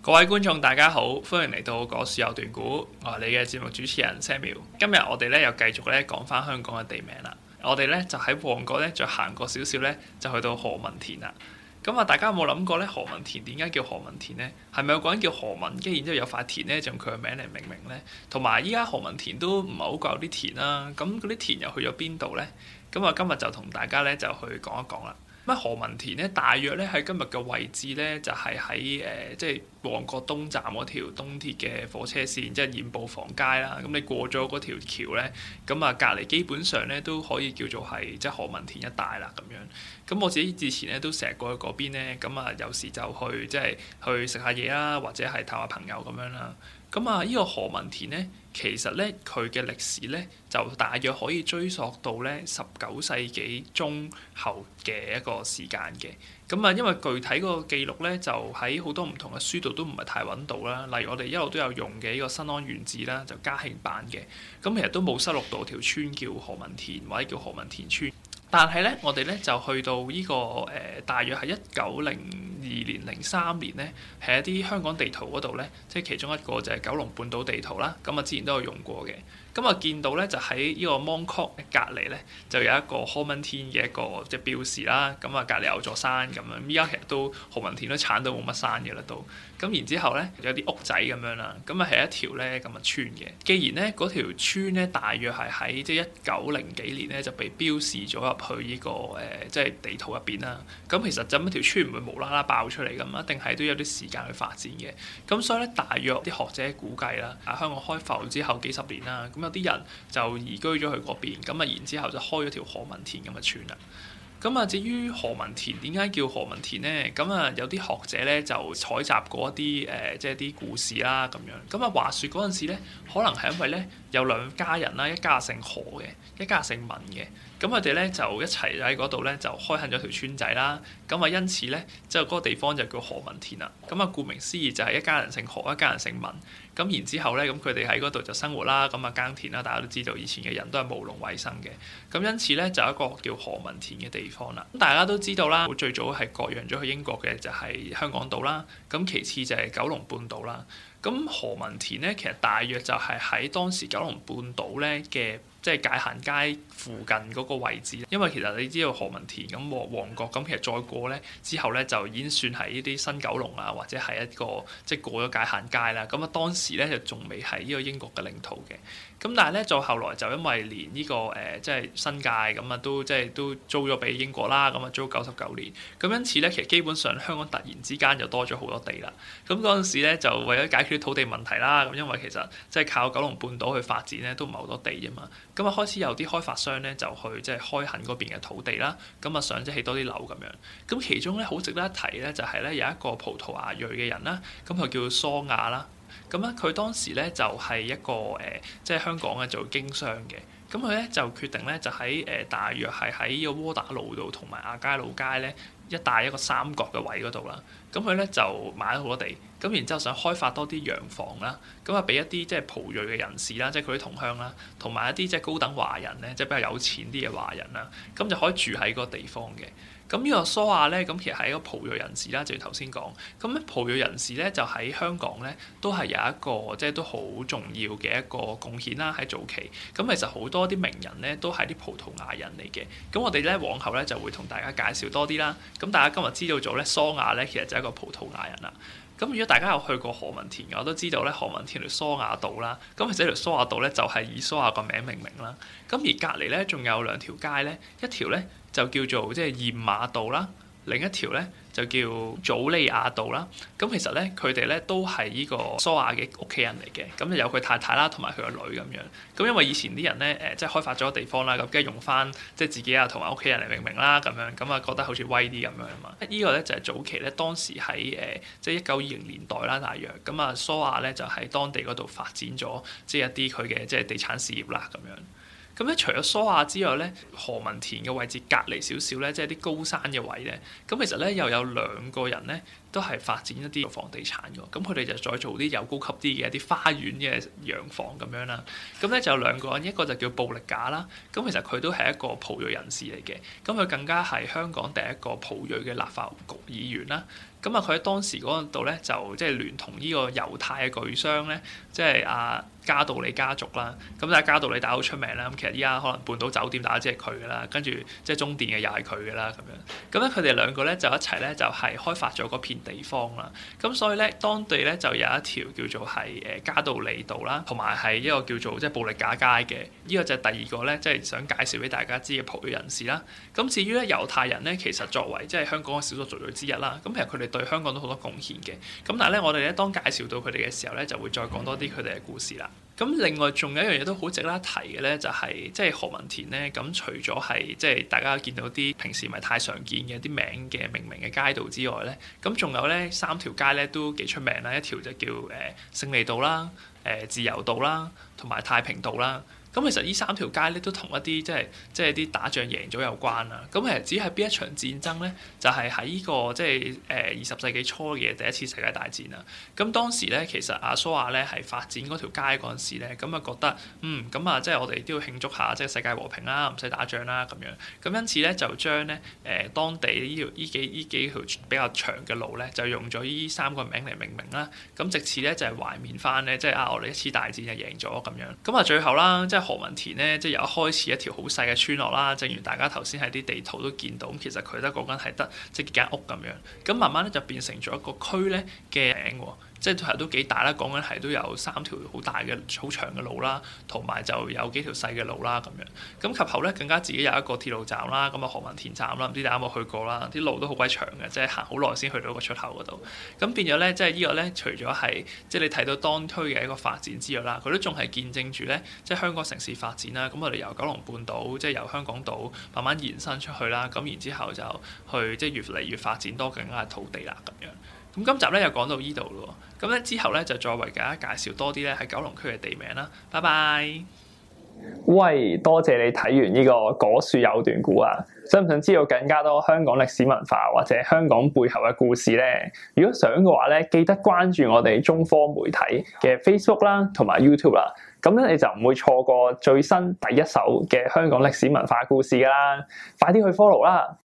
各位觀眾大家好，歡迎嚟到《個市有段古》，我係你嘅節目主持人 Samuel。今日我哋咧又繼續咧講翻香港嘅地名啦。我哋咧就喺旺角咧再行過少少咧，就去到何文田啦。咁、嗯、啊，大家有冇諗過咧？何文田點解叫何文田咧？係咪有個人叫何文，跟住之後有塊田咧就用佢嘅名嚟命名咧？同埋依家何文田都唔係好夠啲田啦，啊。咁嗰啲田又去咗邊度咧？咁、嗯、啊，今日就同大家咧就去講一講啦。乜何文田咧？大約咧喺今日嘅位置咧，就係喺誒，即係旺角東站嗰條東鐵嘅火車線，即係鹽步房街啦。咁、嗯、你過咗嗰條橋咧，咁啊隔離基本上咧都可以叫做係即係何文田一帶啦咁樣。咁、嗯、我自己之前咧都成日過去嗰邊咧，咁、嗯、啊有時就去即係、就是、去食下嘢啦，或者係探下朋友咁樣啦。咁啊，呢、嗯這個何文田咧，其實咧佢嘅歷史咧，就大約可以追溯到咧十九世紀中後嘅一個時間嘅。咁、嗯、啊，因為具體嗰個記錄咧，就喺好多唔同嘅書度都唔係太揾到啦。例如我哋一路都有用嘅《一個新安縣志》啦，就嘉慶版嘅，咁、嗯、其實都冇收錄到條村叫何文田或者叫何文田村。但係咧，我哋咧就去到呢、這個誒、呃，大約係一九零。二零零三年咧，喺一啲香港地圖嗰度咧，即係其中一個就係九龍半島地圖啦。咁啊，之前都有用過嘅。咁啊，見到咧，就喺呢個 Mongkok 隔籬咧，就有一個何文田嘅一個即係標示啦。咁啊，隔籬有座山咁樣，依家其實都何文田都剷到冇乜山嘅啦，都。咁然之後咧，有啲屋仔咁樣啦。咁啊係一條咧咁啊村嘅。既然咧嗰條村咧大約係喺即係一九零幾年咧就被標示咗入去呢個誒即係地圖入邊啦。咁其實就一條村唔會無啦啦爆出嚟，咁一定係都有啲時間去發展嘅。咁所以咧，大約啲學者估計啦，啊香港開埠之後幾十年啦，咁啲人就移居咗去嗰邊，咁啊，然之後就開咗條何文田咁嘅村啦。咁啊，至於何文田點解叫何文田咧？咁啊，有啲學者咧就採集過一啲誒，即係啲故事啦，咁樣。咁啊，話說嗰陣時咧，可能係因為咧有兩家人啦，一家姓何嘅，一家姓文嘅。咁佢哋咧就一齊喺嗰度咧就開墾咗條村仔啦。咁啊，因此咧，之後嗰個地方就叫何文田啦。咁啊，顧名思義就係一家人姓何，一家人姓文。咁然之後咧，咁佢哋喺嗰度就生活啦，咁啊，耕田啦，大家都知道以前嘅人都係務農為生嘅，咁因此咧就有一個叫何文田嘅地方啦。咁大家都知道啦，最早係割讓咗去英國嘅就係、是、香港島啦，咁其次就係九龍半島啦。咁何文田咧，其實大約就係喺當時九龍半島咧嘅即係界限街附近嗰個位置，因為其實你知道何文田咁旺旺角，咁其實再過咧之後咧就已經算係呢啲新九龍啊，或者係一個即係、就是、過咗界限街啦。咁啊當時咧就仲未係呢個英國嘅領土嘅，咁但係咧就後來就因為連呢、這個誒即係新界咁啊都即係、就是、都租咗俾英國啦，咁啊租九十九年，咁因此咧其實基本上香港突然之間就多咗好多地啦。咁嗰陣時咧就為咗解決。土地問題啦，咁因為其實即係靠九龍半島去發展咧，都唔係好多地啫嘛。咁啊開始有啲開發商咧就去即係、就是、開墾嗰邊嘅土地啦，咁啊想即係起多啲樓咁樣。咁其中咧好值得一提咧，就係、是、咧有一個葡萄牙裔嘅人啦，咁佢叫做蘇亞啦。咁咧佢當時咧就係、是、一個誒，即、呃、係、就是、香港嘅做經商嘅。咁佢咧就決定咧就喺誒、呃，大約係喺呢個窩打老道同埋亞皆老街咧。一大一個三角嘅位嗰度啦，咁佢咧就買咗好多地，咁然之後想開發多啲洋房啦，咁啊俾一啲即係普裔嘅人士啦，即係佢啲同鄉啦，同埋一啲即係高等華人咧，即、就、係、是、比較有錢啲嘅華人啦，咁就可以住喺嗰個地方嘅。咁呢個蘇亞咧，咁其實係一個葡裔人士啦，正如頭先講。咁咧葡裔人士咧，就喺香港咧都係有一個即係都好重要嘅一個貢獻啦，喺早期。咁其實好多啲名人咧都係啲葡萄牙人嚟嘅。咁我哋咧往後咧就會同大家介紹多啲啦。咁大家今日知道咗咧，蘇亞咧其實就係一個葡萄牙人啦。咁如果大家有去過何文田嘅，我都知道咧何文田條蘇亞道啦。咁其實條蘇亞道咧就係以蘇亞個名命名啦。咁而隔離咧仲有兩條街咧，一條咧。就叫做即係鹽馬道啦，另一條咧就叫祖利亞道啦。咁其實咧，佢哋咧都係依個蘇亞嘅屋企人嚟嘅。咁就有佢太太啦，同埋佢個女咁樣。咁因為以前啲人咧，誒即係開發咗個地方明明啦，咁梗係用翻即係自己啊，同埋屋企人嚟命名啦，咁樣咁啊，覺得好似威啲咁樣啊嘛。這個、呢個咧就係、是、早期咧，當時喺誒、呃、即係一九二零年代啦，大約咁啊，蘇亞咧就喺當地嗰度發展咗即係一啲佢嘅即係地產事業啦，咁樣。咁咧除咗蘇亞之外咧，何文田嘅位置隔離少少咧，即係啲高山嘅位咧。咁其實咧又有兩個人咧，都係發展一啲房地產嘅。咁佢哋就再做啲有高級啲嘅一啲花園嘅洋房咁樣啦。咁咧就有兩個人，一個就叫布力架啦。咁其實佢都係一個葡裔人士嚟嘅。咁佢更加係香港第一個葡裔嘅立法局議員啦。咁啊，佢喺當時嗰度咧，就即係聯同呢個猶太嘅巨商咧，即係阿嘉道理家族啦。咁大家嘉道理打好出名啦。咁其實依家可能半島酒店大家知係佢噶啦，跟住即係中電嘅又係佢噶啦咁樣。咁咧佢哋兩個咧就一齊咧就係、是、開發咗嗰片地方啦。咁所以咧當地咧就有一條叫做係誒嘉道理道啦，同埋係一個叫做即係布力架街嘅。呢、這個就係第二個咧即係想介紹俾大家知嘅葡語人士啦。咁至於咧猶太人咧，其實作為即係香港嘅少數族裔之一啦。咁其實佢哋對香港都好多貢獻嘅，咁但係咧，我哋咧當介紹到佢哋嘅時候咧，就會再講多啲佢哋嘅故事啦。咁另外仲有一樣嘢都好值得提嘅咧，就是，就係即係何文田咧。咁除咗係即係大家見到啲平時唔係太常見嘅啲名嘅命名嘅街道之外咧，咁仲有咧三條街咧都幾出名啦。一條就叫誒勝利道啦，誒自由道啦、同埋太平道啦。咁其實依三條街咧都同一啲即係即係啲打仗贏咗有關啦。咁其實只係邊一場戰爭咧，就係喺呢個即係誒二十世紀初嘅第一次世界大戰啦。咁當時咧，其實阿蘇亞咧係發展嗰條街嗰陣時咧，咁啊覺得嗯咁啊即係我哋都要慶祝下即係世界和平啦，唔使打仗啦咁樣。咁因此咧就將咧誒當地呢條依幾依幾條比較長嘅路咧，就用咗依三個名嚟命名啦。咁藉此咧就係懷念翻咧，即係啊我哋一次大戰就贏咗咁樣。咁啊最後啦何文田咧，即由一開始一條好細嘅村落啦。正如大家頭先喺啲地圖都見到，咁其實佢得嗰間係得即係幾間屋咁樣。咁慢慢咧就變成咗一個區咧嘅名喎。即係都幾大啦，講緊係都有三條好大嘅、好長嘅路啦，同埋就有幾條細嘅路啦咁樣。咁及後咧，更加自己有一個鐵路站啦，咁啊何文田站啦，唔知大家有冇去過啦，啲路都好鬼長嘅，即係行好耐先去到個出口嗰度。咁變咗咧，即係依個咧，除咗係即係你睇到當區嘅一個發展之外啦，佢都仲係見證住咧，即係香港城市發展啦。咁我哋由九龍半島，即係由香港島慢慢延伸出去啦。咁然之後就去即係越嚟越發展多更加土地啦咁樣。咁今集咧又講到呢度咯，咁咧之後咧就再為大家介紹多啲咧喺九龍區嘅地名啦。拜拜！喂，多謝你睇完呢、這個果樹有段古啊！想唔想知道更加多香港歷史文化或者香港背後嘅故事咧？如果想嘅話咧，記得關注我哋中科媒體嘅 Facebook 啦，同埋 YouTube 啦。咁咧你就唔會錯過最新第一手嘅香港歷史文化故事噶啦。快啲去 follow 啦！